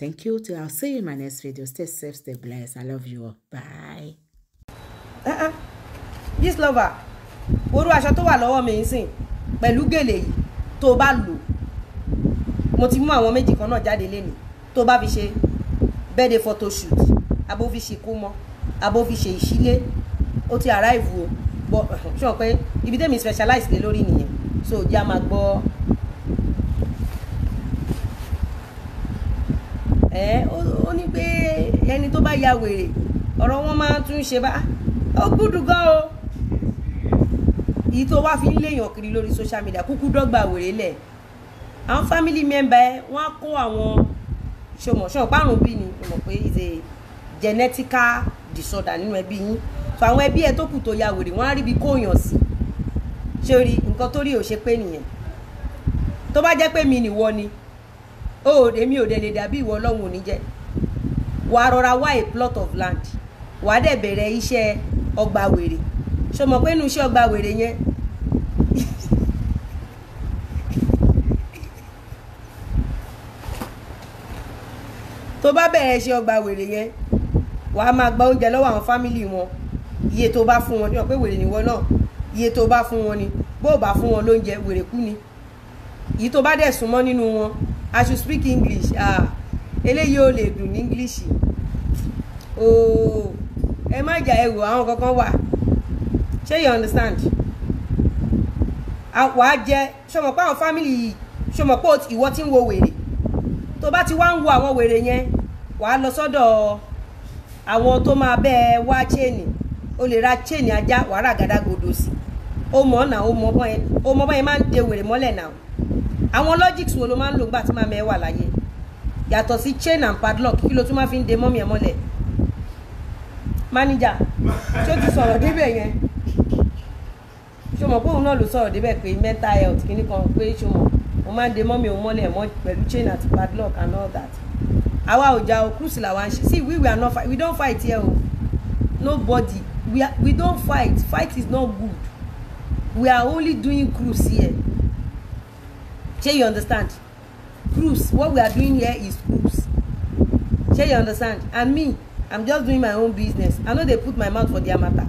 Thank you. Till I'll see you in my next video. Stay safe, stay blessed. I love you all. Bye. Uh-uh. Eh, yes, eh. lover. Orú aṣọ tó wà lọ́wọ́ mi ń sìn pẹ̀lú gèlè yìí tó bá lò. Mo ti mú àwọn méjì kan náà jáde lénìí tó bá fi ṣe birthday shoot. Abó fi ṣe kó mọ́. Abó fi ṣe ìṣílé. Ó ti arrive o. Bọ̀ ṣùgbọ́n pé ibi tẹ́mi specialize lé lórí nìyẹn. So, jẹ́ a máa ẹ ó ní pé ẹni tó bá ya wèrè ọ̀rọ̀ wọn máa tún ṣe bá ó gúdù gan o èyí tó wá fi ń léèyàn kiri lórí social media kúkú dọ́gba wèrè lẹ̀ àwọn family member ẹ wọ́n á kó àwọn ṣọmọṣọ párùn bí ni mo mọ̀ pé is a genetical disorder nínú ẹbí yín so àwọn ẹbí ẹ tó kù tó ya wèrè wọ́n á ríbi kóyàn sí ṣé o rí nǹkan tó rí ò ṣe pé nìyẹn tó bá jẹ́ pé mi nìwọ ni o ò èmi ò dẹ̀ lè dàbí ìwọ ọlọ́run ò jẹ́ wàá rọra wá a plot of land wàá dẹ̀ bẹ̀rẹ̀ iṣẹ́ ọgbà wèrè ṣó mọ̀ pé inú iṣẹ́ ọgbà wèrè yẹn tó bá bẹ̀rẹ̀ iṣẹ́ ọgbà wèrè yẹn wàá máa gba oúnjẹ lọ́wọ́ àwọn fámìlì wọn iye tó bá fún wọn ní ọ̀pẹ́ wèrè níwọ náà iye tó bá fún wọn ni bó bá fún wọn lóúnjẹ wèrè kú ni èyí tó bá dẹ̀ súnmọ́ nínú wọn I should speak English ah eléyìí ò lè dùn ní English ooo oh, ẹ má jà ẹ wò àwọn kankan wà ṣé you understand wàá jẹ ṣọmọ pé àwọn family yìí ṣọmọ pé ìwọ ti ń wo wèrè tó bá ti wá ń wo àwọn wèrè yẹn wàá lọ sọ́dọ̀ àwọn tó máa bẹ́ ẹ wá chéènì o lè ra chéènì ajá wàá rà sí o mọ̀ ọ́ nà o mọ̀ bọ́ yẹn o mọ̀ bọ́ yẹn máa ń de wèrè mọ́lẹ̀ nà àwọn logics wo ló máa ń lò nígbà tí màmá ẹ wà láyé yàtọ̀ sí chain and padlock kí ló tún máa fi ń de mọ́mì ẹ mọ́lẹ̀ manager tó ti sọ̀rọ̀ débẹ̀ yẹn ṣó mọ̀ pé òun náà ló sọ̀rọ̀ débẹ̀ pé mental health kìíní kan pé ṣó mọ̀ mo máa ń de mọ́mì òun mọ́lẹ̀ mọ́ pẹ̀lú chain and padlock and all that àwa ò jà o cruise làwa ń ṣe see we we are not we don't fight here o nobody we are, we don't fight fight is not good we are only doing cruise here shey you understand cruise what we are doing here is cruise shey you understand and me i'm just doing my own business i know they put my mouth for their matter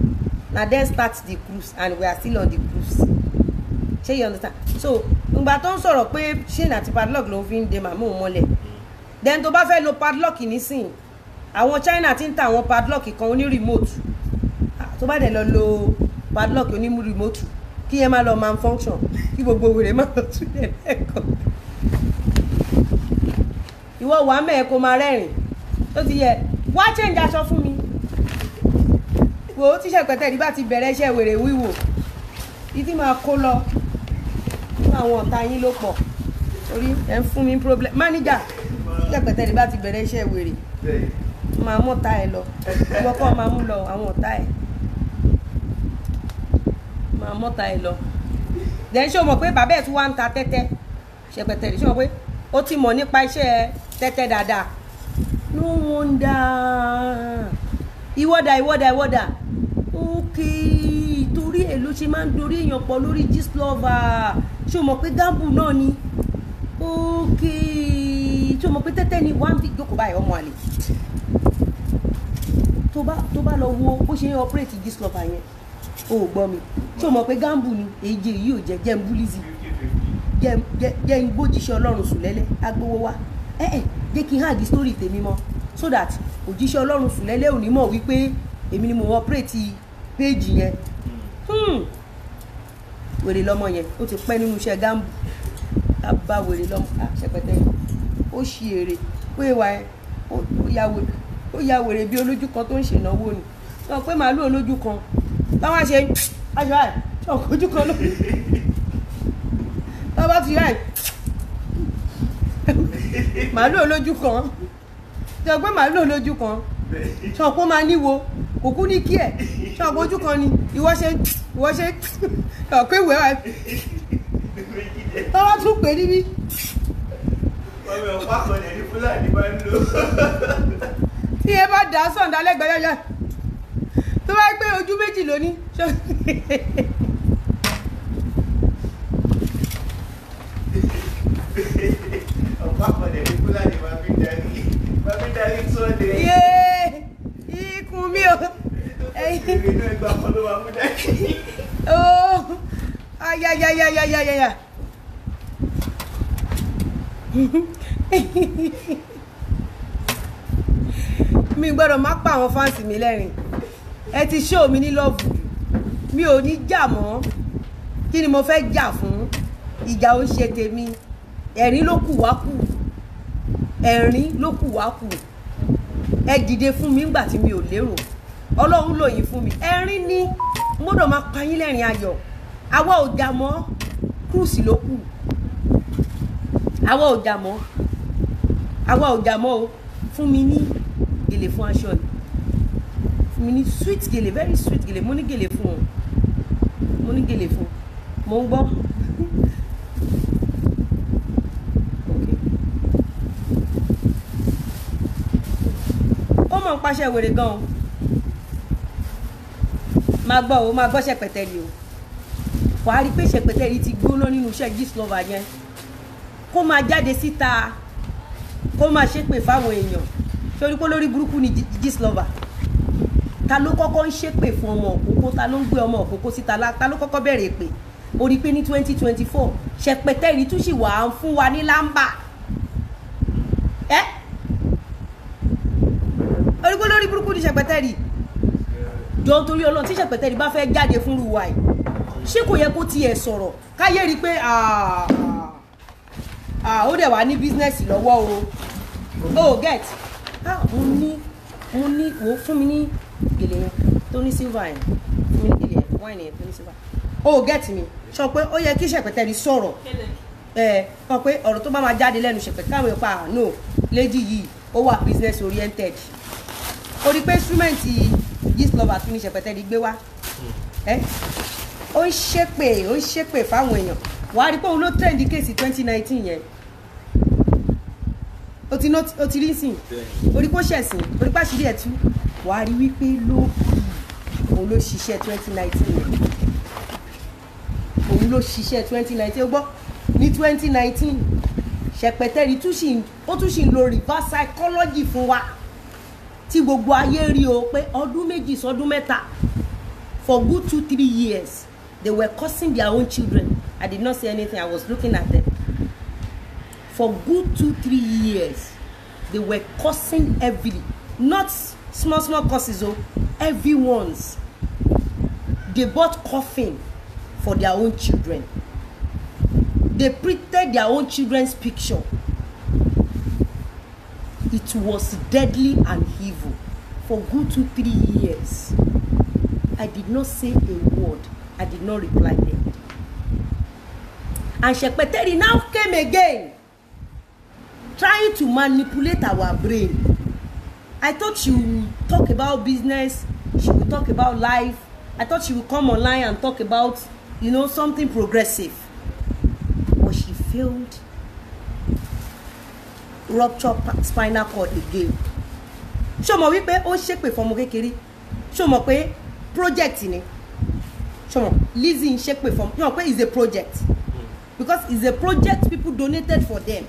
Now then, starts the cruise and we are still on the cruise shey you understand so ìgbà tó ń sọ̀rọ̀ pé shane àti padlock ló fi ń de màmú mọ́lẹ̀ then tó bá fẹ́ lo padlock nísìn àwọn china ti ń ta want padlock kan oní remote ah, tó bá dẹ̀ lọ lo padlock oní remote kí yẹn má lọ malfunction kí gbogbo wèrè má lọ tún yẹn lẹ́kọ̀ọ́ ìwọ wàá mẹ́ẹ̀ kó máa rẹ́rìn tó ti yẹ wá change aṣọ fún mi wò ó tíṣẹ́ pẹ̀tẹ́rì bá ti bẹ̀rẹ̀ iṣẹ́ wèrè wíwò ìdí máa kó lọ fún àwọn ọ̀tá yín ló pọ̀ torí ẹ̀ ń fún mi problem manager tíṣẹ́ pẹ̀tẹ́rì bá ti bẹ̀rẹ̀ iṣẹ́ wèrè máa mú ọ̀tá ẹ lọ ìwọ kọ́ máa mú lọ àwọn ọ̀tá ẹ máa mọ́ta ẹ lọ then ṣé o mọ̀ pé bàbá ẹ̀ tún wá ń ta tẹ́tẹ́ ṣẹpẹtẹ rẹ̀ ṣé o mọ̀ pé ó ti mọ̀ nípa iṣẹ́ tẹ́tẹ́ dáadáa no wonder ìwọ́dà ìwọ́dà ìwọ́dà okay torí ẹ̀ ló ṣe máa ń dorí èèyàn pọ̀ lórí gist lover ṣé o mọ̀ pé gamble náà ni okay ṣé o mọ̀ pé tẹ́tẹ́ ni one big jókòó báyìí ọmọ àlè tó bá lọ wo bó ṣe ń operate gist lover yẹn o ò gbọ́ mi ṣé o mọ̀ pé gambu ni èjì yìí ò jẹ́ jẹ́ ń búlízì jẹ́ ń gbójíṣẹ́ ọlọ́run sùn lẹ́lẹ́ agbowó wa ẹ ẹ jẹ́ kí n hàgì sítórì tèmi mọ́ so that òjíṣẹ́ ọlọ́run sùn lẹ́lẹ́ ò ní mọ̀ wípé èmi ni mo operate péèjì yẹn hmm. wèrè lọ́mọ yẹn ó ti pẹ́ nínú iṣẹ́ gambu ká bá wèrè lọ́mọ àṣẹpẹtẹ ó ṣì èrè pé wà ẹ ó ya wèrè bí olójú kan tó ń ṣènáwó ni sọ pé màálù olójú kan táwọn àṣẹ àṣọ àì ọkọjú kan ló táwọn bá ti àì màálù olójú kan sọ màálù olójú kan sọ pé ó máa níwo ní kí ẹ sọ ojú kan ni ìwọ ṣe ìwọ ṣe sọ ìwé wa tọ́wọ́ tún pè níbí. ọmọ ọ̀pá kan lẹ́ni fúlàní máa ń lò. tí ẹ bá dá sọ̀ǹda lẹ́gbẹ̀ẹ́ yẹn tó bá pé ojú méjì ló ní. ọ̀pá àpọ̀lẹ̀ ní fúlàní máa fi darí máa fi darí sọ́ọ̀dẹ̀. yé ikùn mi o. ẹyin inú ẹgbẹ́ ọkọ ló máa fún darí. ooo ayayayayayaya. mi gbọ́dọ̀ má pa àwọn fáǹsì mi lẹ́rìn ẹ ti ṣé omi ní lọ́ọ̀fù mi ò ní jà mọ́ kí ni mo fẹ́ jà fún ìjà ó ṣe tèmi ẹ̀rín ló kù wá kù ẹ̀rín ló kù wá kù ẹ dìde fún mi nígbà tí mi ò lérò ọlọ́run lò yín fún mi ẹ̀rín ni mo gbọ́dọ̀ máa pa yín lẹ́rìn ayọ̀ àwa ò jà mọ́ kúùsì ló kù àwa ò jà mọ́ àwa ò jà mọ́ o fún mi ní èlé fún aṣọ yìí fún mi ní sweet gèlè very sweet gèlè mo ní gèlè fún un mo ní gèlè fún un mo ń gbọ́ ó mọ̀ ń paṣẹ wèrè gan o máa gbọ́ o máa gbọ́ ṣẹpẹtẹ́lì o wàá rí pé ni ti gbóná nínú iṣẹ́ gíslova yẹn kó máa jáde síta kó máa ṣépè fáwọn èèyàn torí pé lórí burúkú ni gíslova ta ló kọ́kọ́ ń ṣépè fún ọmọ òkókó ta ló ń gbé ọmọ òkókó síta ta ló kọ́kọ́ bẹ̀rẹ̀ pé o rí pé ní twenty twenty four ṣẹpẹtẹ ìrí tún sì wà á ń fún wa ní lámbà ẹ orígbó lórí burúkú ní ṣẹpẹtẹ rí jọ nítorí Ọlọ́run tí ṣẹpẹtẹ rí bá fẹ́ jáde fún ruwa yìí ṣé kò yẹ kó tiẹ̀ sọ̀rọ̀ káyé rí pé ó dẹ̀ wá ní bísínẹ́sì lọ́wọ́ o oh get ah, mo ní mo ní wo fún mi ní gèlè yẹn tó ní silver yẹn fún mi ní yẹn wine yẹn tó ní silver o get me. sọ pé ó yẹ kí ṣẹpẹtẹ rí sọ̀rọ̀ ẹ kọ pé ọ̀rọ̀ tó bá máa jáde lẹ́nu ṣẹpẹtẹ káwọn yẹn pa ah, no lady yìí ó wà business oriented o rí pé instrument yeast lover tún ní ṣẹpẹtẹ rí gbé wá hmm. ẹ ó ń ṣépè ó ń ṣépè fáwọn èèyàn wàá rí pé òun ló trend kéèsì twenty nineteen yẹn o ti rí sìn orí kó ṣẹ̀sìn orí pàṣírí ẹ̀ tú wà á rí wípé lóòkù òun ló ṣiṣẹ́ twenty nineteen rẹ̀ òun ló ṣiṣẹ́ twenty nineteen ó gbọ́ ní twenty nineteen ṣẹpẹtẹri ó tún ṣì ń lo reverse psychology fún wa tí gbogbo ayé rí o pé ọdún méjì sọdún mẹ́ta for good two three years they were cursing their own children i did not say anything i was looking at them for good two three years they were cursing heavily not small small courses o oh. everyone's they bought coffin for their own children they printed their own children's picture it was deadly and evil for good two three years i did not say a word i did not reply them and shekpeteri now came again trying to manipulate our brain I thought she would talk about business, she would talk about life. I thought she would come online and talk about, you know, something progressive. But she failed. Rupture spinal cord again. Ṣé o mọ̀ wípé ó ṣépè fọmọ kékeré? Ṣé o mọ̀ pé project ni? Ṣé o mọ̀ Lizzy ń ṣépè fọmọ? Ṣé o mọ̀ pé it's a project? Because it's a project people donated for them.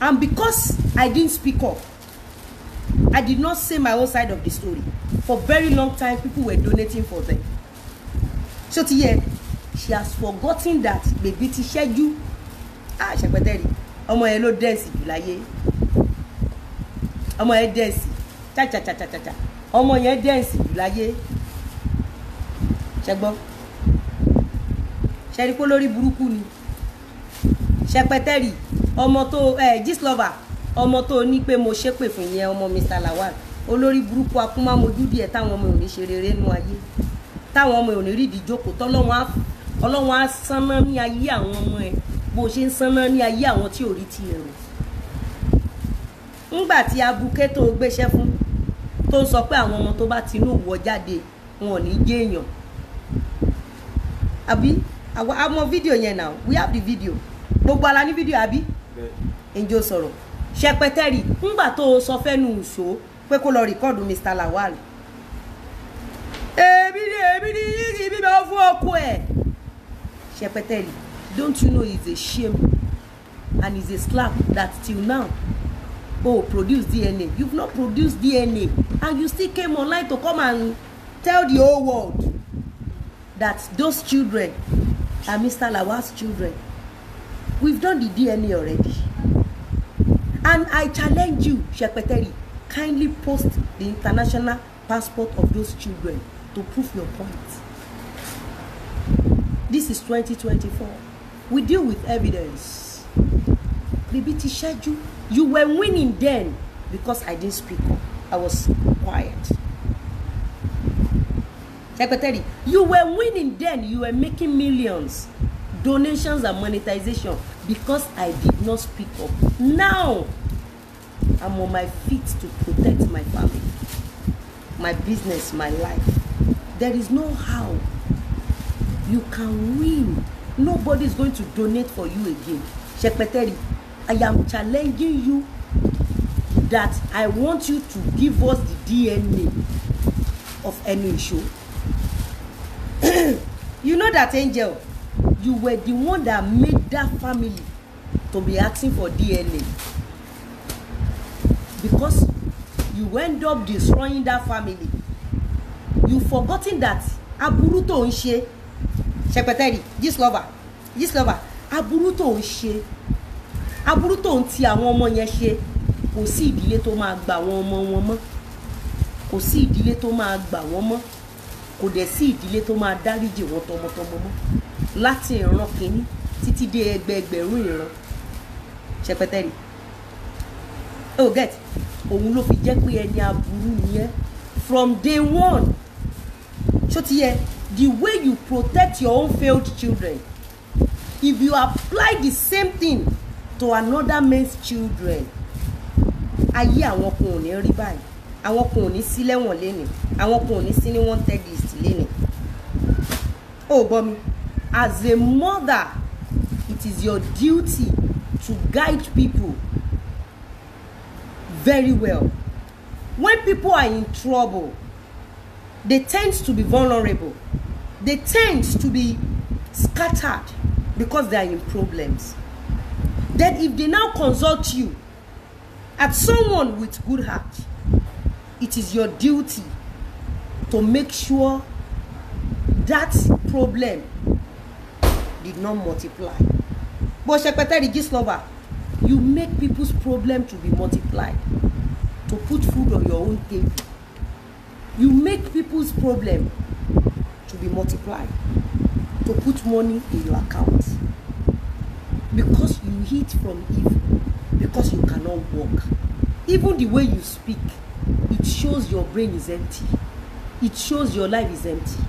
And because I didn't speak up. I did not say my own side of the story. For very long time, people were donating for them. So tiye, she has forgotten that baby ti ṣẹ́jú. Ah, ṣàpẹtẹ́rì, ọmọ yẹn ló dẹ́ẹ̀sì jù cha cha cha. dẹ́ẹ̀sì, chachachachacha, ọmọ yẹn dẹ́ẹ̀sì jù láyé. Ṣẹ́gbọ́n, ṣẹ́rí kó lórí burúkú ni. Ṣẹpẹtẹ́rì, ọmọ tó ẹ̀ eh, gíslọ́bà ọmọ tó ní pé mo ṣépè fún yẹn ọmọ Mr. Lawal olórí burúkú akúmámojú díẹ̀ táwọn ọmọ òní ṣe rere nú ayé táwọn ọmọ òní rídìí jókòó tọ́lọ́wọ́n á ọlọ́wọ́n á sánná ní ayé àwọn ọmọ ẹ̀ bó ṣe ń sánná ní ayé àwọn tí ò rí ti ẹ̀rù ńgbà tí abuké tó gbéṣẹ́ fún tó ń sọ pé àwọn ọmọ tó bá tinú wọ jáde wọn ò ní jẹ́ èèyàn àbí àwọn amọ fídíò yẹn náà we have the video gbogbo ara ní fídíò àbí ǹjọ́ sọ̀rọ̀ ṣẹpẹtẹrì ńgbà tó o sọ fẹ́nu ìṣó pé kó lọ rìkọ́ọ̀dù Mr Lawal èmi ni èmi ni yíyí mi máa fún ọkọ ẹ ṣẹpẹtẹrì don't you know he's a shame and he's a slap that till now oh produce DNA you've not produced DNA and you still came online to come and tell the whole world that those children are Mr. Lawal's children we've done the DNA already and i challenge you Shepeteri kindly post the international passport of those children to prove your point this is 2024 we deal with evidence bibi ti ṣẹ́jú you were winning then because i didn't speak up i was quiet Secretary, you were winning then you were making millions donations and monetization because I did not speak up. Now, I'm on my feet to protect my family, my business, my life. There is no how you can win. Nobody is going to donate for you again. Shekpeteri, I am challenging you that I want you to give us the DNA of any issue. you know that angel you were the one that made that family to be asking for DNA because you end up destroying that family you forgotten that aburú tó ń ṣe ṣẹpẹtẹrì gist lover gist lover aburú tó ń ṣe aburú tó ń ti àwọn ọmọ yẹn ṣe kò sí ìdílé tó máa gbà àwọn ọmọ wọn mọ́ kò sí ìdílé tó máa gbà wọ́n mọ́ kò dẹ̀ sí ìdílé tó máa dáríjì wọn tọmọtọmọ mọ́ láti ìran kìíní títí dé ẹgbẹẹgbẹ̀rún ìran ṣẹpẹtẹrì oh get òun ló fi jẹ́ pé ẹni aburú nìyẹn from day one ṣó ti yẹ the way you protect your own failed children if you apply the same thing to another man's children ayé àwọn kan ò ní rí báyìí àwọn kan ò ní sí lẹ́wọ̀n lénìí àwọn kan ò ní sí ní wanted list lénìí ó gbọ́ mi. as a mother it is your duty to guide people very well when people are in trouble they tend to be vulnerable they tend to be scattered because they are in problems then if they now consult you as someone with good heart it is your duty to make sure that problem did not multiply but Shekpeteri gist you make people's problem to be multiplied to put food on your own table you make people's problem to be multiplied to put money in your account because you eat from evil because you cannot walk even the way you speak it shows your brain is empty it shows your life is empty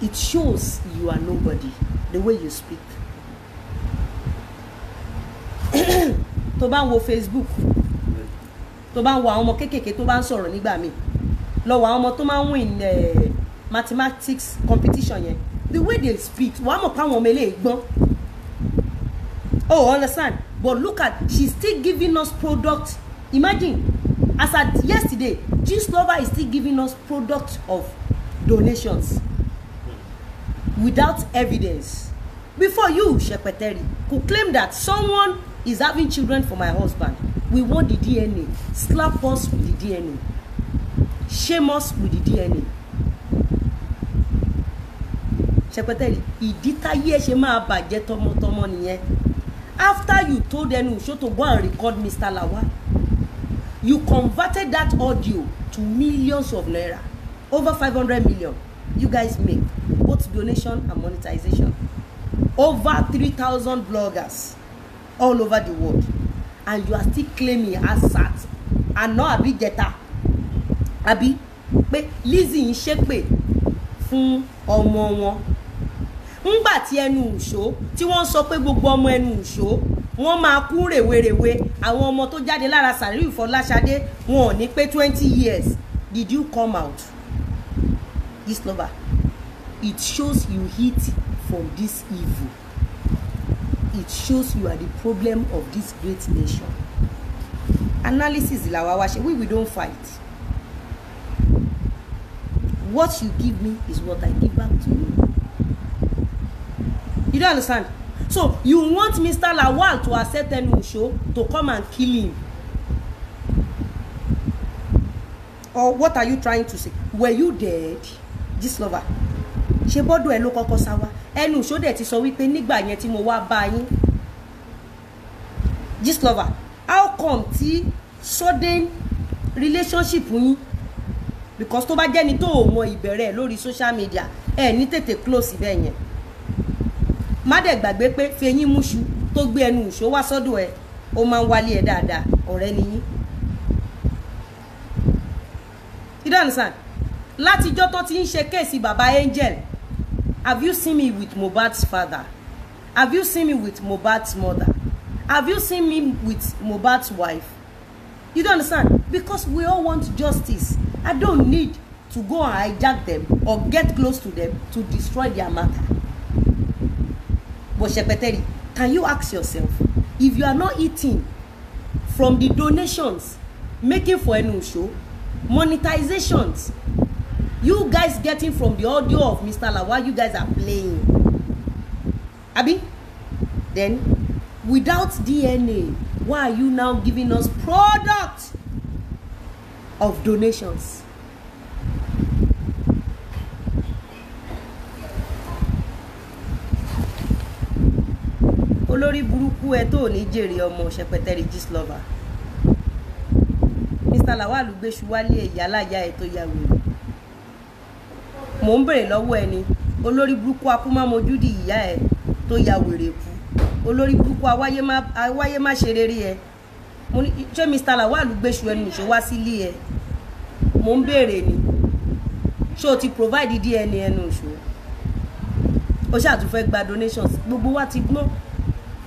it shows you are nobody the way you speak tó bá ń wo Facebook tó bá ń wo àwọn ọmọ kéékèèké tó bá ń sọ̀rọ̀ nígbà míì lọ wo àwọn ọmọ tó máa ń win eh, mathematics competition yẹn the way they speak wàá mọ̀ pé àwọn ọmọ eléyìí gbọ́n oh understand but look at she still giving us product imagine as at yesterday gist lover is still giving us product of donations without evidence before you shepeteri could claim that someone is having children for my husband we want the dna slap us with the dna shame us with the dna shepeteri ìdí táyé ẹ ṣe máa bàjẹ́ tọmọtọmọ nìyẹn after you told Enusho to go and record Mr. Lawa, you converted that audio to millions of naira over 500 million you guys make both donation and monetization over three thousand bloggers all over the world and you are still claiming asat àná àbí jẹta àbí pé Lizzy ń ṣépè fún ọmọ wọn ńgbà tí ẹnu ìṣó tí wọ́n sọ pé gbogbo ọmọ ẹnu ìṣó wọ́n máa kú rèwerèwe àwọn ọmọ tó jáde lára Sàríù Fọláṣadé wọn ò ní pé twenty years did you come out Gistlover it shows you hid from this evil it shows you are the problem of this great nation analysis làwa wá ṣe we we don fight what you give me is what I give back to you you don understand so you want Mr. Lawal to accept Ẹnu-Ìṣó to come and kill him or what are you trying to say were you dead gist lover ṣe bọ́dọ̀ ẹ ló kọ́kọ́ sá wa ẹnu ìṣódẹ̀ ti sọ wípé nígbà yẹn tí mo wá bá yín Gistlover how come ti sudden relationship yín because tó bá jẹ́ni tó ò mọ ìbẹ̀rẹ̀ lórí social media ẹ ní tètè close ibẹ̀ yẹn má dẹ̀ gbàgbé pé fẹyín múṣu tó gbé ẹnu ìṣó wá sọ́dọ̀ ẹ ó máa ń wálé ẹ dáadáa ọ̀rẹ́ ni yín you don't understand látijọ́ tó ti ń ṣe kéèsì bàbá angel Have you seen me with Mohbad's father? Have you seen me with Mohbad's mother? Have you seen me with Mohbad's wife? You don't understand? Because we all want justice. I don't need to go and hijack them or get close to them to destroy their matter. But Shepeteri, can you ask yourself, if you are not eating from the donations, making for a new show, monetizations, you guys getting from the audio of Mr. Lawal you guys are playing abi then without DNA why are you now giving us product of donations olórí burúkú ẹ tó ní jèrè ọmọ ṣẹpẹtẹrì gist lover Mr. Lawal gbèsù wálé ìyálàyà ẹ tó yà mò ń bèrè lọ́wọ́ ẹni olórí burúkú akúmọ́mojú di ìyá ẹ tó ya wèrè kú olórí burúkú awáyé má ṣe rere ẹ mo ní ṣé Mr. Lawal gbéṣu ẹnu ìṣó wá sílé ẹ mò ń bèrè ni ṣé o ti provide DNA ẹnu ìṣó o ṣáà tún fẹ́ gba donations gbogbo wa ti gbọ́n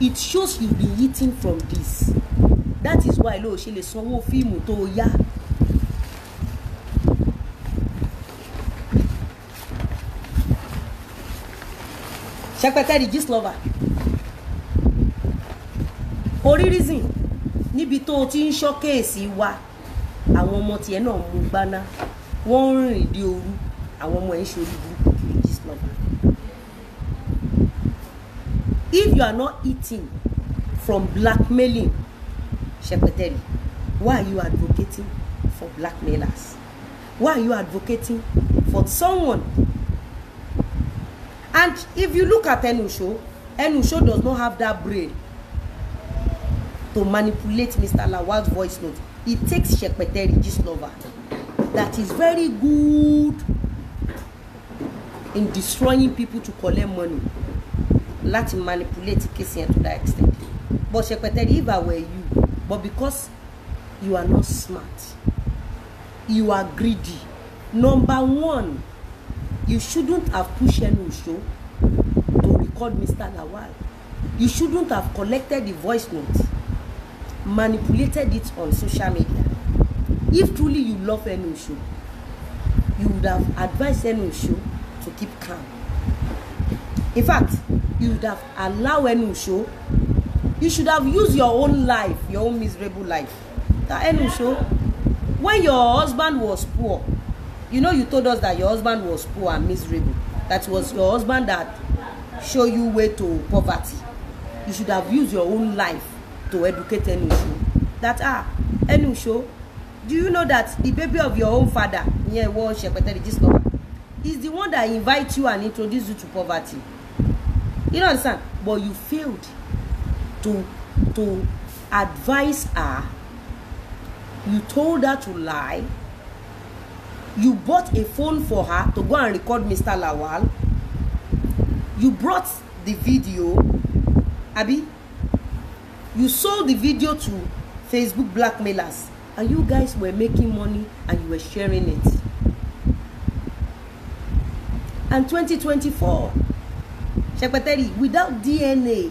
it shows you been eating from this that is why ló ṣe lè sanwó fíìmù tó o yá. ṣẹpẹtẹrì gist lover orí reason níbi tó o ti ń ṣọ́kèsì wa àwọn ọmọ tiẹ̀ náà mú gbaná wọ́n ń rìn dé òru àwọn ọmọ ẹ̀ ń ṣorí burúkú kiri gist lover if you are not eating from blackmailing ṣẹpẹtẹrì why are you advocating for blackmailers why are you advocating for someone And if you look at Enusho, Enusho does not have that brain to manipulate Mr. Lawal's voice note. He takes Shekpete Regislova that is very good in destroying people to collect money láti manipulate case yẹn to that extent but Shekpete if I were you but because you are not smart you are greedy number one You shouldn't have pushed Enu Osho to record Mr. Lawal. You shouldn't have collected the voice note, manipulated it on social media. If truly you love Enu Osho, you would have advised Enu Osho to keep calm. In fact, you would have allowed Enu Osho. You should have used your own life, your own miserable life. That Enu Osho, when your husband was poor, you know you told us that your husband was poor and miserable that was your husband that show you way to poverty you should have used your own life to educate Enusho that ah Enusho do you know that the baby of your own father yeah wo sepeteri discover is the one that invite you and introduce you to poverty you know understand but you failed to to advise her you told her to lie you bought a phone for her to go and record Mr. Lawal you brought the video abi you sold the video to Facebook blackmailers and you guys were making money and you were sharing it and 2024 Secretary, without DNA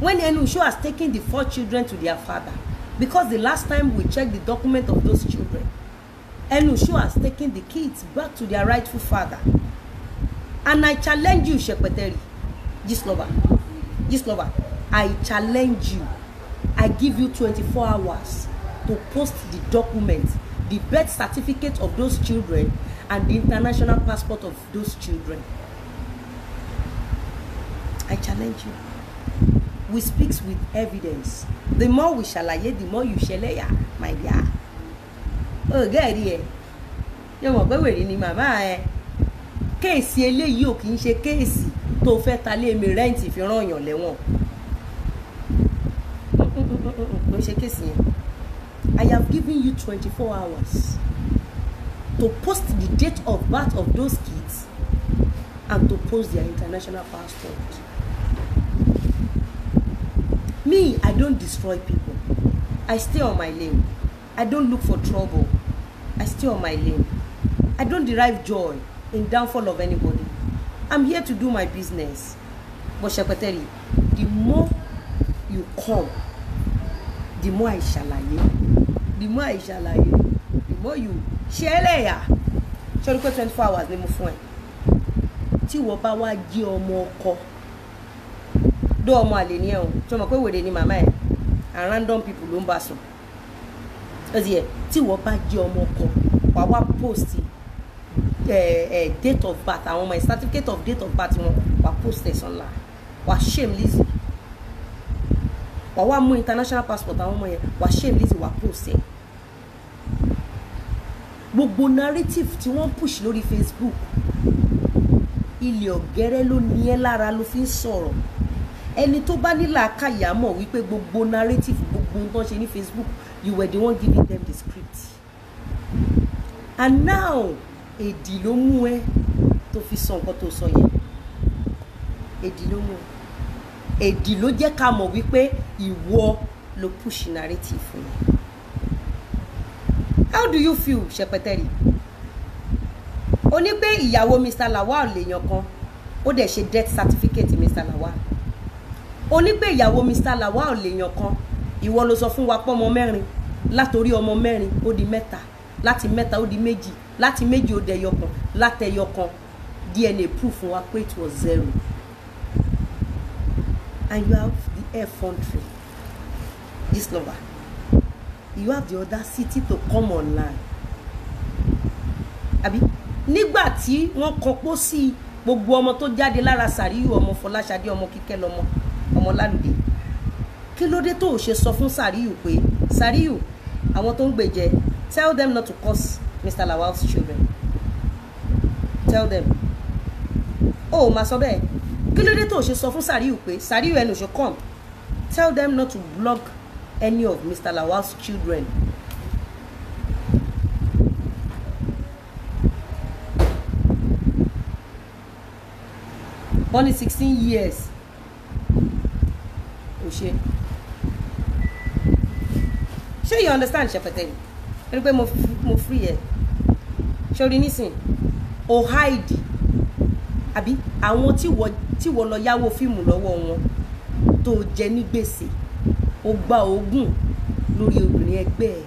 when Enusho has taken the four children to their father because the last time we checked the document of those children Elishu has taken the kids back to their rightful father. And I challenge you, Shepeteri, Gislover, lover. I challenge you. I give you 24 hours to post the document, the birth certificate of those children, and the international passport of those children. I challenge you. We speak with evidence. The more we shall ṣàlàyé, the more you shall ṣẹlẹ́yà, my dear o gẹ́ẹ̀rí ẹ̀ yóò mọ̀ pé wèrè ni màmá ẹ̀ kéèsì eléyìí ò kì í ṣe kéèsì tó fẹ́ ta lé mi rẹ́ǹtì fi rán èèyàn lẹ́wọ̀n kò ṣe kéèsì yẹn I have given you twenty four hours to post the date of birth of those kids and to post their international passport me I don't destroy people I stay on my lane. I don't look for trouble. I stay on my lane. I don't derive joy in downfall of anybody. I'm here to do my business. But Shepeteri, the more you come, the more I shall ṣàlàyé. The more I shall ṣàlàyé, the more you ṣe ẹlẹ́yà. Ṣé o twenty four hours ni mo fún ẹ? Tí ìwọ bá wá jẹ́ ọmọ ọkọ, dó ọmọ àlè ní and random people don't ń ẹ tí wọ́n bá jẹ́ ọmọ ọkọ wàá wá post date of birth àwọn ọmọ ẹ̀ certificate of date of birth wọn wàá post ẹ̀ sọ́la wàá shame Lizzy wàá wá mú international passport àwọn ọmọ yẹn wàá shame Lizzy wàá post ẹ̀ gbogbo narrative tí wọ́n push lórí Facebook ilé ọ̀gẹ́rẹ́ ló ní ẹ́ lára ló fi ń sọ̀rọ̀ ẹni tó bá nílà káyà mọ̀ wípé gbogbo narrative gbogbo ohun tó ń ṣe ní Facebook you were the one giving them the script and now èdì ló mú ẹ tó fi sọ nǹkan tó sọ yẹn èdì ló mú ẹ èdì ló jẹ́ ká mọ̀ wípé ìwọ ló push narrative fún mi how do you feel ṣẹpẹtẹrì o ní pé ìyàwó Mr. Lawal lèèyàn kan ó dẹ̀ ṣe death certificate Mr. Lawal o ní pé ìyàwó Mr. Lawal lèèyàn kan ìwọ ló sọ fún wa pọ́ ọmọ mẹ́rin látòrí ọmọ mẹ́rin ó di mẹ́ta láti mẹ́ta ó di méjì láti méjì ó dẹ̀ yọkan látẹ̀yọkan DNA proof fún wa pé it zero and you have the air country this lover you have the other city to come online àbí nígbà tí wọ́n kọpọ́ sí gbogbo ọmọ tó jáde lára sàríyù ọmọ fọláṣadé ọmọ kíkẹ́ lọ́mọ ọmọ lálùdé kí ló dé tó o ṣe sọ fún Sàríyù pé Sàríyù àwọn tó ń gbèjẹ tell them not to curse Mr. Lawal's children tell them o ò máa sọ bẹ́ẹ̀ kí ló dé tó o ṣe sọ fún Sàríyù pé Sàríyù ẹnu ṣe come tell them not to block any of Mr. Lawal's children born in sixteen years. O ṣe sure you understand ṣẹpẹtẹ ni wọn ni pé mo free ẹ ṣorí nísìn o hide àbí àwọn tí wọ́n lọ yáwó fíìmù lọ́wọ́ wọn tó jẹ ní gbèsè o gba oògùn lórí obìnrin ẹgbẹ́ ẹ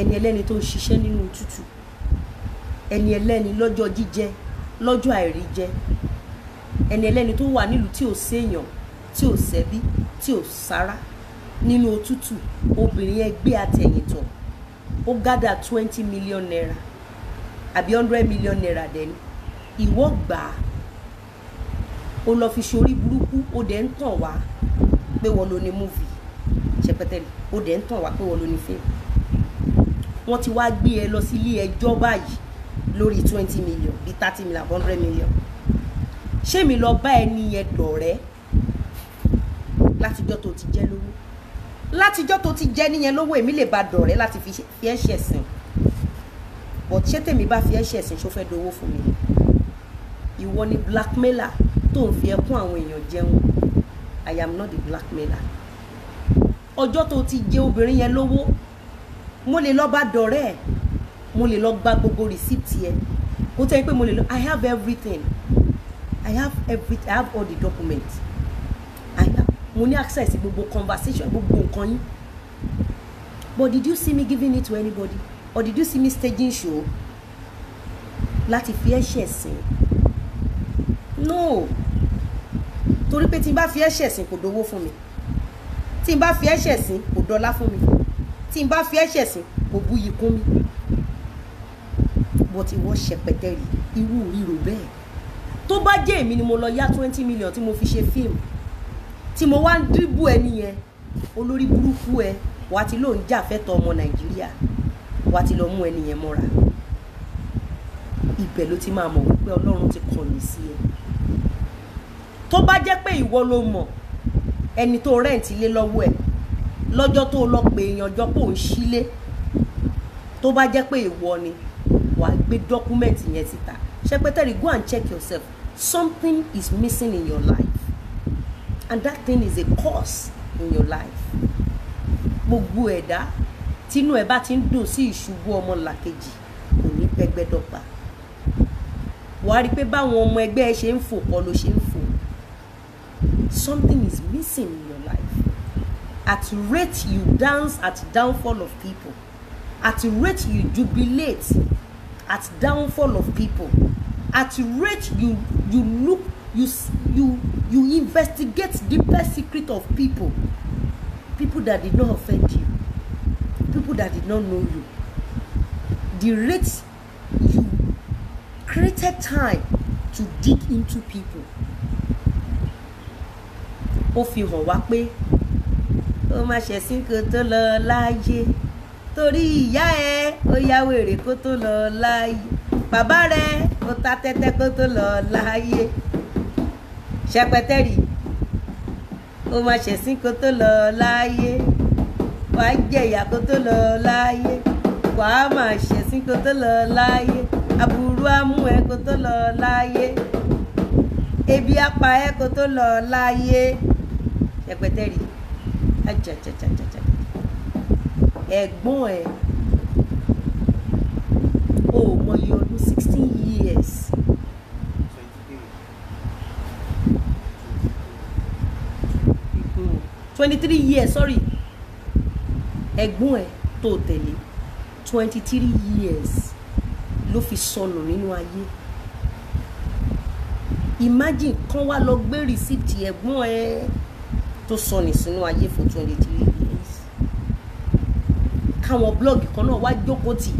ẹni ẹlẹ́ni tó ń ṣiṣẹ́ nínú tútù ẹni ẹlẹ́ni lọ́jọ́ jíjẹ lọ́jọ́ àìríjẹ ẹni ẹlẹ́ni tó wà nílùú tí ò séèyàn tí ò sẹ́bí tí ò sára nínú òtútù obìnrin yẹn gbé àtẹ̀yìntọ̀ ó gádà twenty million naira àbí hundred million naira dẹ́ni ìwọ gbà á ó lọ fi ṣorí burúkú ó dẹ̀ ń tàn wá pé wọ́n ló ní múvì ṣẹpẹtẹrì ó dẹ̀ ń tàn wá pé wọ́n ló ní fíìmù wọ́n ti wá gbé ẹ lọ sí ilé ẹjọ́ báyìí lórí twenty million bí thirty million hundred million ṣé mi lọ bá ẹni yẹn dọ̀rẹ́ látijọ́ tó ti jẹ́ lówó látijọ́ tó ti jẹ́ níyẹn lówó èmi lè ba dọ̀rẹ́ láti fi ẹ́ ṣe ẹ̀sìn but ṣé tèmi bá fi ẹ́ ṣe ẹ̀sìn ṣó fẹ́ dowó fún mi ìwọ ni blackmailer tó ń fi ẹkún àwọn èèyàn jẹun I am not the blackmailer ọjọ́ tó ti jẹ obìnrin yẹn lówó mo lè lọ bá dọ̀rẹ́ ẹ̀ mo lè lọ gba gbogbo rìsíptì ẹ̀ kó tẹ́ pé mo lè lọ I have everything I have everything I have all the documents mo ní access gbogbo conversation gbogbo nǹkan yín but did you see me giving it to anybody or did you see me staging show láti fi ẹ̀ṣẹ̀ sìn no torí pé tí n bá fi ẹ̀ṣẹ̀ sìn kò dówó fún mi tí n bá fi ẹ̀ṣẹ̀ sìn kò dọ́lá fún mi tí n bá fi ẹ̀ṣẹ̀ sìn kò buyì kún mi bó ti ṣẹpẹtẹ yìí irú ríro bẹ́ẹ̀ tó bá jẹ́ èmi ni mo lọ yá twenty million tí mo fi ṣe fíìmù tí mo wá ń dìbò ẹni yẹn olórí burúkú ẹ wàá ti lóun jà fẹ́tọ̀ ọmọ nàìjíríà wàá ti lọ mú ẹni yẹn mọ́ra ibẹ̀ ló ti máa mọ̀ wípé ọlọ́run ti kàn mí sí ẹ tó bá jẹ́ pé ìwọ ló mọ̀ ẹni tó rẹ́ǹtì lé lọ́wọ́ ẹ̀ lọ́jọ́ tó lọ pé èèyànjọ́ pò ń sílé tó bá jẹ́ pé ìwọ ni wàá gbé dọ́kúmẹ́ǹtì yẹn síta ṣẹ́pẹ́tẹ́rì go and check yourself something is missing in your life and that thing is a curse in your life gbogbo ẹ̀dá tínú ẹ̀ bá ti ń dùn sí ìṣubú ọmọ làkejì kò ní pẹ́gbẹ́ dọ́gba wàá rí i pé báwọn ọmọ ẹgbẹ́ ẹ ṣe ń fò kọ́ ló ṣe ń fò something is missing in your life at rate you dance at downfall of people at rate you jubilate at downfall of people at rate you you look you you you investigate the best secret of people people that did not offend you people that did not know you the rate you created time to dig into people ó fi hàn wá pé ó má ṣẹ̀sìn kó tó lọ láàyè torí ìyá ẹ ó ya wèrè kó tó lọ láàyè bàbá rẹ ó ta tẹ́tẹ́ kó tó lọ láàyè ṣẹpẹtẹrì ó máa ṣẹ̀sìn kó tó lọ láàyè wàá jẹ̀yà kó tó lọ láàyè wàá máa ṣẹ̀sìn kó tó lọ láàyè aburú amú ẹ kó tó lọ láàyè ebi apa ẹ kó tó lọ láàyè ṣẹpẹtẹrì ajajajajaja ẹ̀gbọ́n ẹ o mọ iye ọdún sixteen years. 23 years sorry ẹ̀gbọ́n ẹ̀ tó tẹ̀lé twenty years ló fi sọnù nínú ayé imagine kán wá lọ gbé receipt ẹ̀gbọ́n ẹ̀ tó sọnù sínú ayé for twenty three years káwọn blọọgì kan náà wá jókòó tì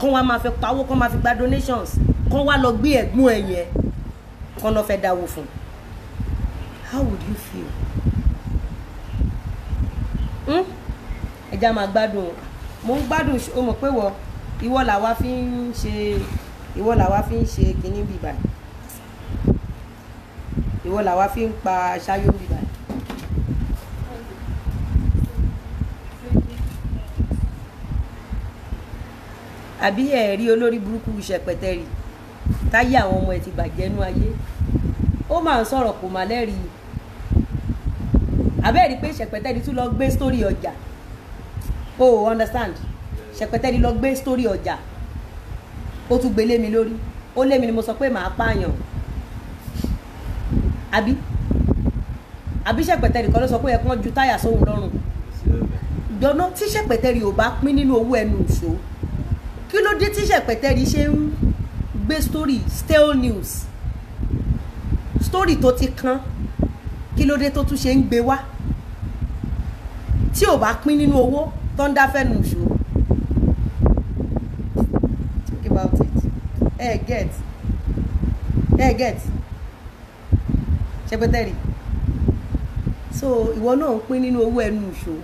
kán wá máa fi pawó kán máa fi gba donations kán wá lọ gbé ẹ̀gbọ́n ẹ̀ yẹn kán náà fẹ́ dáwó fún how would ẹja máa gbádùn mo ń gbádùn o mọ̀ pé wọ ìwọ làwa fi ń ṣe ìwọ làwa fi ń ṣe kínní bíbà ìwọ làwa fi ń pa ṣáyó bíbà. àbí ẹ̀ rí olórí burúkú ṣẹpẹtẹ rì táyé àwọn ọmọ ẹ̀ ti bàjẹ́ nú ayé ó máa ń sọ̀rọ̀ kò má lẹ́rìí àbẹ́ẹ̀rí pé ṣẹpẹtẹ rì tún lọ gbé sórí ọjà o oh, understand ṣẹpẹtẹ ni lọ gbé sórí ọjà ó tún gbélé mi lórí ó lé mi ni mo sọ pé màá pààyàn àbí àbí ṣẹpẹtẹ nìkan ló sọ pé ẹkún ju táyà sóhun lọ́rùn dọ́nà tí ṣẹpẹtẹrì ò bá pín nínú owó ẹnu ìṣó kí ló dé tí ṣẹpẹtẹrì ṣe ń gbé story stale news story tó ti kán kí ló dé tó tún ṣe ń gbé wá tí ò bá pín nínú owó tó ń dá fẹ́nu ṣó think about it ẹ hey, get ẹ hey, get ṣẹpẹtẹrì so ìwọ náà ń pín nínú owó ẹnu ṣó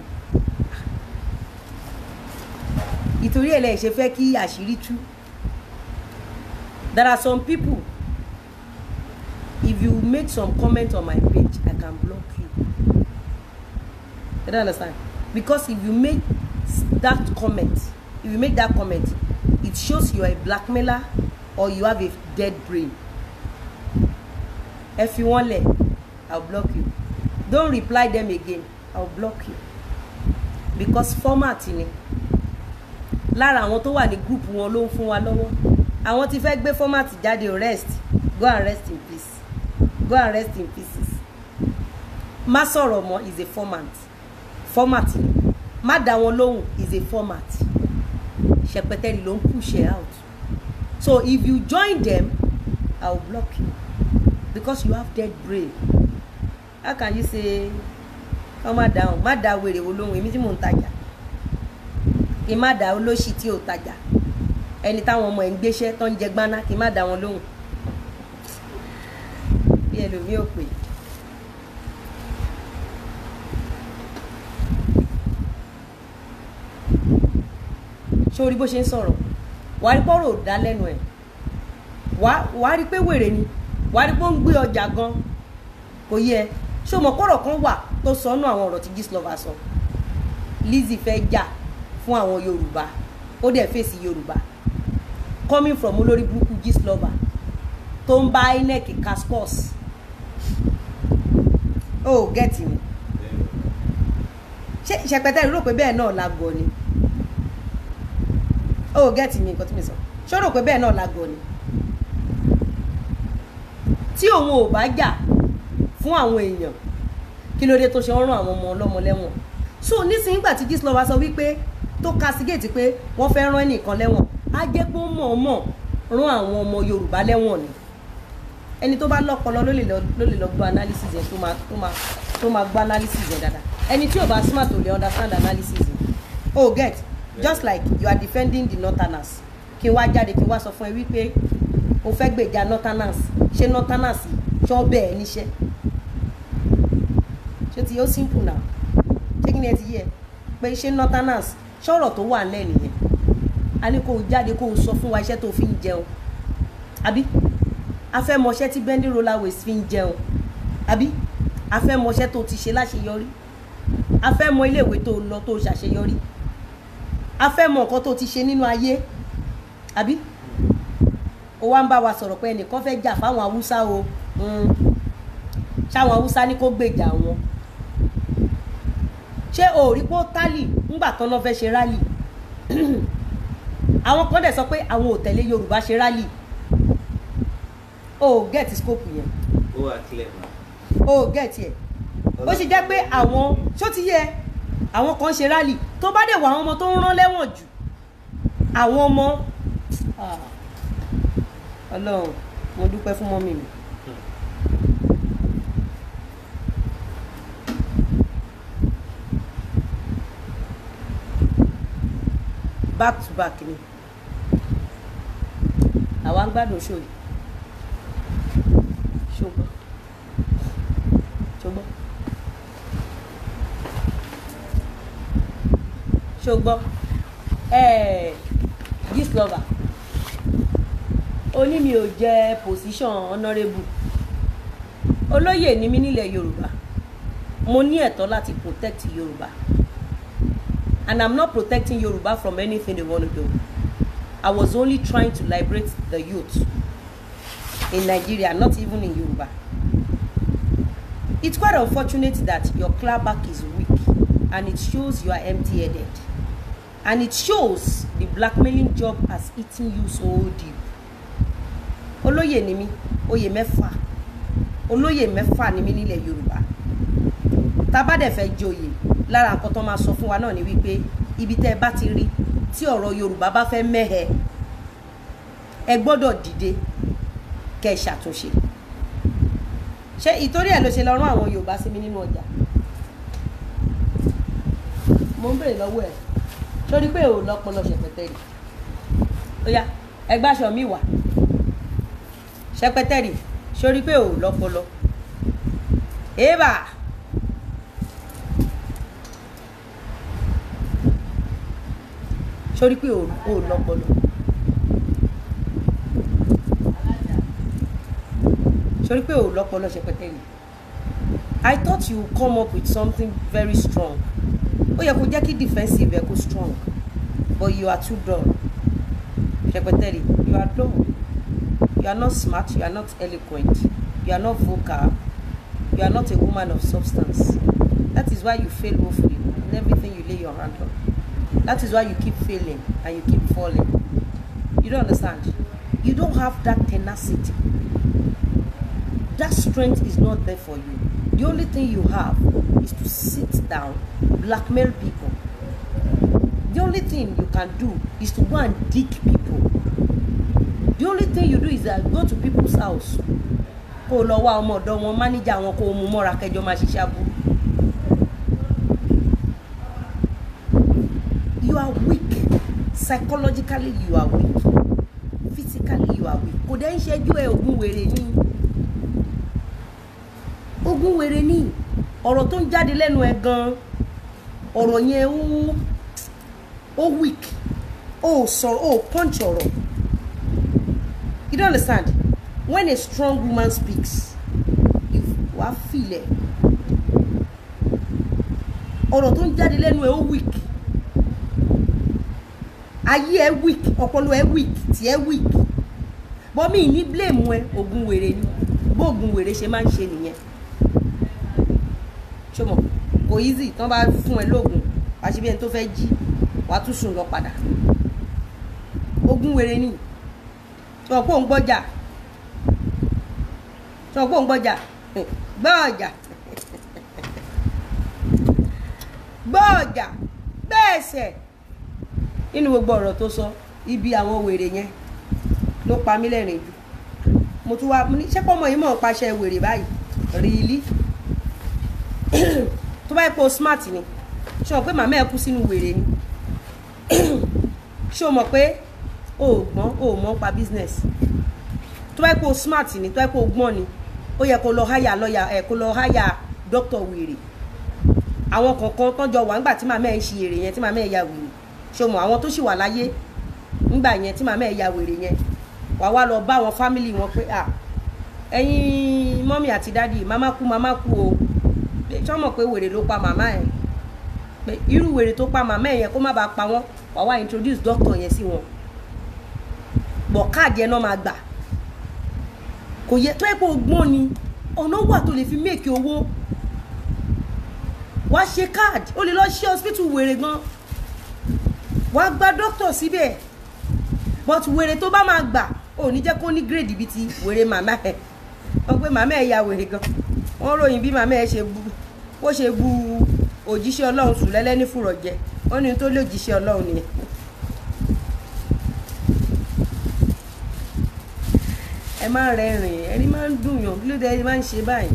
ìtorí ẹ̀ lẹ́yìn ṣe fẹ́ kí àṣírí tú there are some people if you make some comment on my page I can block you you don't understand because if you make that comment if you make that comment it shows you are a blackmailer or you have a dead brain If you wọ́n lẹ̀ i will block you don't reply them again i will block you because format ni lára àwọn tó wà ní group wọn ló ń fún wa lọ́wọ́ àwọn tí fẹ́ gbé format jáde o rest go and rest in peace go and rest in pieces má sọ̀rọ̀ mọ́ is a format format ni má dá wọn lóhùn is a format ṣẹpẹtẹrì ló ń push ẹ out so if you join them i will block you because you have dead brain how can you say kọ́ má dá wọn má dá wèrè wo lóhùn èmi tí mò ń tajà kí má dá olóṣì tí ò tajà ẹni táwọn ọmọ ẹ̀ ń gbéṣẹ́ tó ń jẹ gbaná kí má dá wọn lóhùn bí ẹlòmíì ò pè é. ṣé o rí bó ṣe ń sọ̀rọ̀ wàá rí pọ́rọ̀ dá lẹ́nu ẹ̀ wàá rí pé wèrè ni wàá rí pé ó ń gbé ọjà gan kò yẹ ṣé o mọ̀ kọ́rọ̀ kan wà tó sọnù àwọn ọ̀rọ̀ tí Gistlover sọ Lizzy fẹ́ jà fún àwọn Yorùbá ó dẹ̀ fèsì Yorùbá coming from olórí burúkú Gistlover tó ń bá inec cascos oh, get him ṣe ṣẹpẹtẹ rò pé bẹ́ẹ̀ náà la gbọ́ ni. Oh, get me! mi nǹkan tí mi sọ ṣó rò pé bẹ́ẹ̀ náà lágbo ni tí òun ò bá jà fún àwọn èèyàn kí ló dé tó ṣe ń rán àwọn ọmọ ọlọ́mọ lẹ́wọ̀n so nísìnyí ìgbà tí Gistlover sọ wípé tó kasigéètì pé wọ́n fẹ́ rán ẹnìkan lẹ́wọ̀n á jẹ́ pé ó mọ̀ọ́mọ̀ rán àwọn ọmọ Yorùbá lẹ́wọ̀n ni ẹni tó bá lọ́pọlọ ló lè lọ gbọ́ analysis yẹn tó máa gbọ́ analysis yẹn dáadáa ẹni tí ò bá smart ò lè understand analysis yẹn oh get just like you are defending the northerners kí n wá jáde kí n wá sọ fún ẹ wípé o fẹ́ gbèjà northerners ṣé northerners ṣọ́ bẹ́ẹ̀ níṣẹ́ ṣé ti yóò simple now ṣé kí ni ẹ ti yẹ pé ṣé northerners ṣọ́rọ̀ tó wà ńlẹ̀ nìyẹn a ní kó o jáde kó o sọ fún wa iṣẹ́ tó fi ń jẹun àbí a fẹ́ mọṣẹ́ tí bending roller fi ń jẹun àbí a fẹ́ mọṣẹ́ tó ti ṣe láṣeyọrí a iléèwé tó lọ tó ṣàṣeyọrí a fẹ́ mọ nǹkan tó ti ṣe nínú ayé àbí ó wá ń bá wa sọ̀rọ̀ pé ẹnìkan fẹ́ jà fáwọn haúsá o hmm. ṣáwọn haúsá ní kó gbèjà wọn ṣé o ò rí pé ó tálì ńgbà tán náà fẹ́ ṣe rálì àwọn kan dẹ̀ sọ pé àwọn ò tẹ̀lé yorùbá ṣe rálì o ò gẹ̀ẹ́tì scope yẹn o ò gẹ̀ẹ́tì ẹ̀ ó sì jẹ́ pé àwọn ṣó ti yẹ àwọn kan ṣe rálì tó bá dẹ̀ wọ àwọn ọmọ tó ń rán lẹ́wọ̀n jù àwọn ọmọ ah. ọlọ́run mo dúpẹ́ fún mọ́mì mi. back to back ni àwa ń gbádùn ṣòyí ṣùgbọ́n. ṣùgbọ́n gist lover oní mi ò jẹ position honourable olóyè ni mí nílẹ̀ yorùbá mo ní ẹ̀tọ́ láti protect yorùbá and i'm not protecting yorùbá from anything they wanna do i was only trying to liberate the youth in nigeria not even in yorùbá it's quite unfortunate that your back is weak and it shows you are empty-headed and it shows the blackmailing job has eaten you so deep olóyè ni mi, oyè mẹ́fà olóyè mẹ́fà ni mi nílẹ̀ Yorùbá tábà dẹ̀ fẹ́ joyè lára nǹkan tó máa sọ fún wa náà ni wípé ibi tẹ́ ẹ bá ti rí tí ọ̀rọ̀ Yorùbá bá fẹ́ mẹ́hẹ ẹ gbọ́dọ̀ dìde kẹ́ ẹ ṣàtúnṣe ṣé ìtorí ẹ̀ ló ṣe lọ rán àwọn Yorùbá sí mi nínú ọjà mo ń bèrè lọ́wọ́ ẹ̀ sórí pé òun lọ́pọlọ ṣẹpẹtẹrì ó ẹgbàṣọ mi wà ṣẹpẹtẹrì sórí pé òun lọ́pọlọ ébà. sórí pé ò lọ́pọlọ sórí pé ò lọ́pọlọ ṣẹpẹtẹrì I thought you would come up with something very strong Oh, you kó jẹ́ kí defensive ẹ kó strong but you are too dull ṣẹpẹtẹrì you are dull you are not smart you are not eloquent you are not vocal you are not a woman of substance that is why you fail woefully in everything you lay your hand on that is why you keep failing and you keep falling you don't understand you don't have that tenacity that strength is not there for you the only thing you have is to sit down blackmail people. The only thing you can do is to go and dig people. The only thing you do is that uh, go to people's house. Kó lọ wá ọmọ ọ̀dọ́ wọn, mánéjà wọn kó mú mọ́ra kẹjọ máa ṣiṣẹ́ aburú. You are weak. Psychologically you are weak. Physically you are weak. Kò dẹ́ ń ṣẹ́jú ẹ ògùn wèrè ní. Ògùn wèrè ní ọ̀rọ̀ tó ń jáde lẹ́nu ẹ gan-an ọ̀rọ̀ yẹn ó weak ó sọ̀rọ̀ ó punch ọ̀rọ̀ you don't understand when a strong woman speaks if wà á filẹ̀ ọ̀rọ̀ tó ń jáde lẹ́nu ẹ̀ ó weak ayé ẹ̀ weak ọpọlọ ẹ̀ weak tí ẹ̀ weak bọ́mí ní blame ẹ ògùn wèrè ni bó ògùn wèrè ṣe máa ń ṣe nìyẹn ṣọmọ kò easy tán bá fún ẹ lóògùn wàá ṣe bí ẹni tó fẹ́ jí wàá tún sùn lọ padà ogún wèrè ni sọ pé òun gbọ́jà sọ pé òun gbọ́jà gbọ́ ọjà gbọ́ ọjà bẹ́ẹ̀ sẹ̀ nínú gbogbo ọ̀rọ̀ tó sọ ibi àwọn wèrè yẹn ló pa mí lẹ́rìn jù mo tún wá ṣé pọ́nmọ́ yìí mọ̀ ń paṣẹ wèrè báyìí rí ilé tó bá yẹ pé o smart ni ṣé o mọ̀ pé màmá ẹ kú sínú wèrè ni ṣé o mọ̀ pé o ò gbọ́n o ò mọ̀ pa business tó bá yẹ pé o smart ni tó bá yẹ pé o gbọ́n ni ó yẹ kó lọ háyà lọ́yà ẹ̀ kó lọ háyà dókítà wèrè àwọn kọ̀ọ̀kan tán jọ wà ńgbà tí màmá ẹ ń ṣe èrè yẹn tí màmá ẹ ya wèrè ṣé o mọ̀ àwọn tó ṣì wà láyé ńgbà yẹn tí màmá ẹ ya wèrè yẹn wà wá lọ bá àwọn fámìlì wọn pé à ẹ̀yin mọ́mì àti dádì màmá kú màmá kú o tí wọ́n mọ̀ pé wèrè ló pa màmá yẹn pé irú wèrè tó pa màmá yẹn kó má bàa pa wọ́n wà wá introduce doctor yẹn sí wọn bọ̀ káàdì ẹ̀ náà máa gbà kò yẹ tó yẹ kó gbọ́n ni ọ̀nà wà tó lè fi méèkì owó wá ṣe káàdì ó lè lọ ṣe hospital wèrè gan wá gba doctor síbẹ̀ but wèrè tó bá máa gbà ò ní jẹ́ kó ní grade ibi tí wèrè màmá ẹ̀ wọ́n pé màmá ẹ̀ ya wèrè gan wọ́n ròyìn bí màmá ẹ̀ ṣe bú bó ṣe bu òjíṣẹ́ ọlọ́run sùlẹ́lẹ́ ní fùrọ̀ jẹ ó ní tó lè òjíṣẹ́ ọlọ́run nìyẹn. ẹ má rẹ́rìn ẹni máa ń dùn yàn kí ló dé ẹ máa ń ṣe báyìí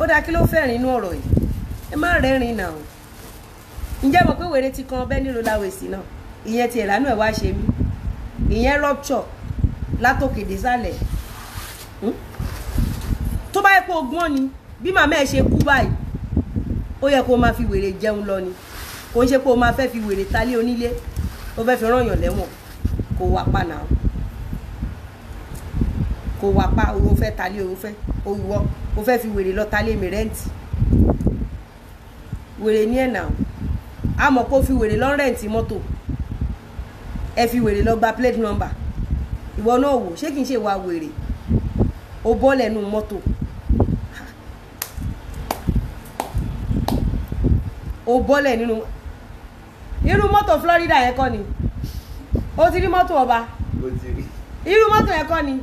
ó dáa kí ló fẹ́ rìn inú ọ̀rọ̀ yìí ẹ má rẹ́rìn náà ǹjẹ́ mọ̀ pé wèrè ti kan ọbẹ̀ nílò láwèsì náà ìyẹn ti ìlànà ẹ̀ wá ṣe mí ìyẹn rupture látòkè désàlẹ̀ hmm? tó bá yẹ kó gbọ́n ni bí màmá ẹ̀ ṣe kú báyìí ó yẹ kó o máa fi wèrè jẹun lọ ni kò ń ṣe kó o máa fẹ́ fi wèrè talé onílé ó fẹ́ fi rányàn lẹ́wọ̀n kó o wà pa náà kó o wà pa owó fẹ́ talé o fẹ́ owó o fẹ́ fi wèrè lọ talé mi rẹ́ǹtì wèrè ní ẹ̀ náà a mọ̀ kó o fi wèrè lọ rẹ́ǹtì mọ́tò ẹ fi wèrè lọ gba plate number ìwọ náà wò ṣé kì í ṣe wà wèrè o bọ́ lẹ́nu mọ́tò. ó bọ́lẹ̀ nínú irú mọ́tò Florida yẹn kọ́ ni ó ti rí mọ́tò ọba irú mọ́tò yẹn kọ́ ni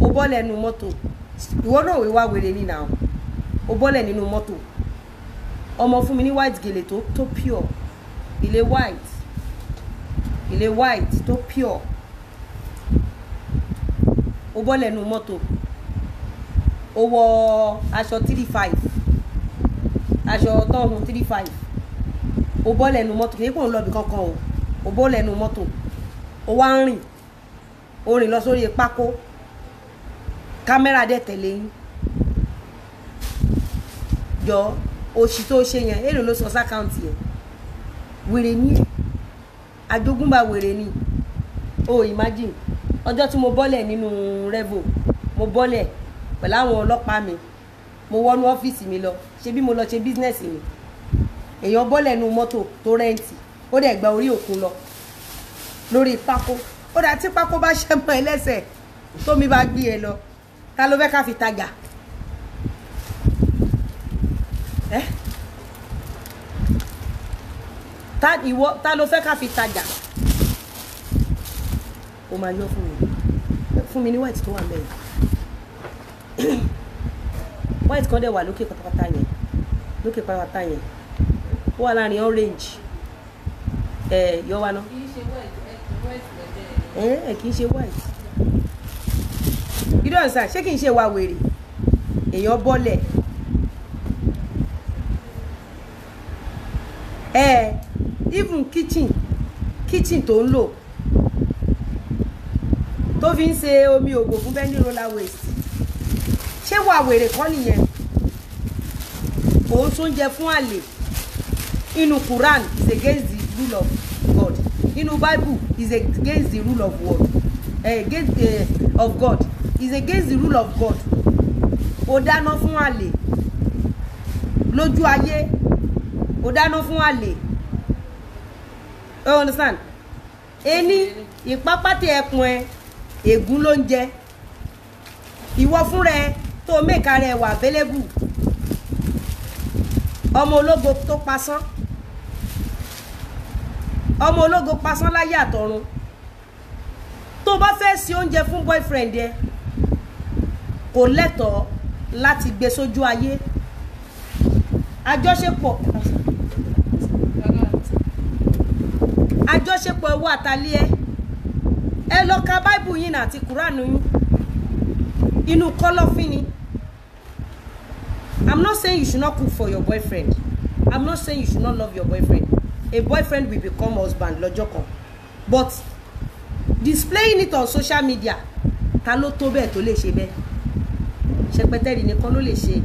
ó bọ́lẹ̀ nínú mọ́tò ìwọ náà wí wá wèrè ní náà ó bọ́lẹ̀ nínú mọ́tò ọmọ fún mi ní white gèlè tó tó pure ilé white ilé white tó pure ó bọ́lẹ̀ nínú mọ́tò ó wọ aṣọ three five aṣọ tọ́hún three five o bọ́ lẹ́nu mọ́tò kì í kò ń lọ ibì kankan o o bọ́ lẹ́nu mọ́tò o wá ń rìn o rìn lọ sórí pákó kámẹ́rà dẹ̀ tẹ̀lé yín jọ òṣì tó ṣe yẹn èrè ló sọ sákàǹtì ẹ̀ wèrè ní ẹ̀ àjogúnbá wèrè ni o imagine ọjọ́ tí mo bọ́lẹ̀ nínú revo mo bọ́lẹ̀ pẹ̀lú àwọn ọlọ́pàá mi mo wọnú ọ́fíìsì mi lọ ṣe bí mo lọ ṣe bísínẹ́sì mi èèyàn bọ́ lẹ́nu mọ́tò tó rẹ́ǹtì ó dẹ̀ gba orí òkun lọ lórí pákó ó dà tí pákó bá ṣe mọ́ ẹ lẹ́sẹ̀ tómi bá gbé ẹ lọ ta ló fẹ́ ká fi tajà ẹ ta ìwọ ta ló fẹ́ ká fi tajà ó máa yọ fún mi fún mi ní wẹ̀tí tó wà mẹ́rin white kan dẹ̀ wà lókè pátápátá yẹn lókè pátápátá yẹn ó wà láàrin orange Eh, yọ wa náà Eh, ẹ kì white you don't understand ṣé kì í ṣe wa wèrè èèyàn bọ́lẹ̀ ẹ even kitchen kitchen tó ń To tó fi ń ṣe omi ògò fún bẹ́ńdì roller waste ṣé wà wèrè kọ́ nìyẹn òun tún jẹ fún àlè inú Quran is against the rule of God inú Bible is against the rule of God eh, against uh, of God is against the rule of God ó dáná fún àlè lójú ayé ó dáná fún àlè you oh, understand ení ìpápátẹ ẹkùn ẹ ègún ló ń jẹ ìwọ fúnra ẹ tó make ara ẹ̀ wà available ọmọ ológo tó pasán ọmọ ológo pasán láyé àtọ̀run tó bá fẹ́ sí oúnjẹ fún boyfriend ẹ kò lẹ́tọ̀ọ́ láti gbé sójú ayé àjọṣepọ̀ àjọṣepọ̀ ẹ̀wọ́ àtàlẹ́ ẹ ẹ lọ ka báìbù yín àti kúránù yín inú kọ́lọ́fín ni i'm not saying you should not cook for your boyfriend i'm not saying you should not love your boyfriend a boyfriend will become husband lọ́jọ́ kan but displaying it on social media ta ló tó bẹ́ẹ̀ tó lè ṣe bẹ́ẹ̀ ṣẹpẹtẹ́rì nìkan ló lè ṣe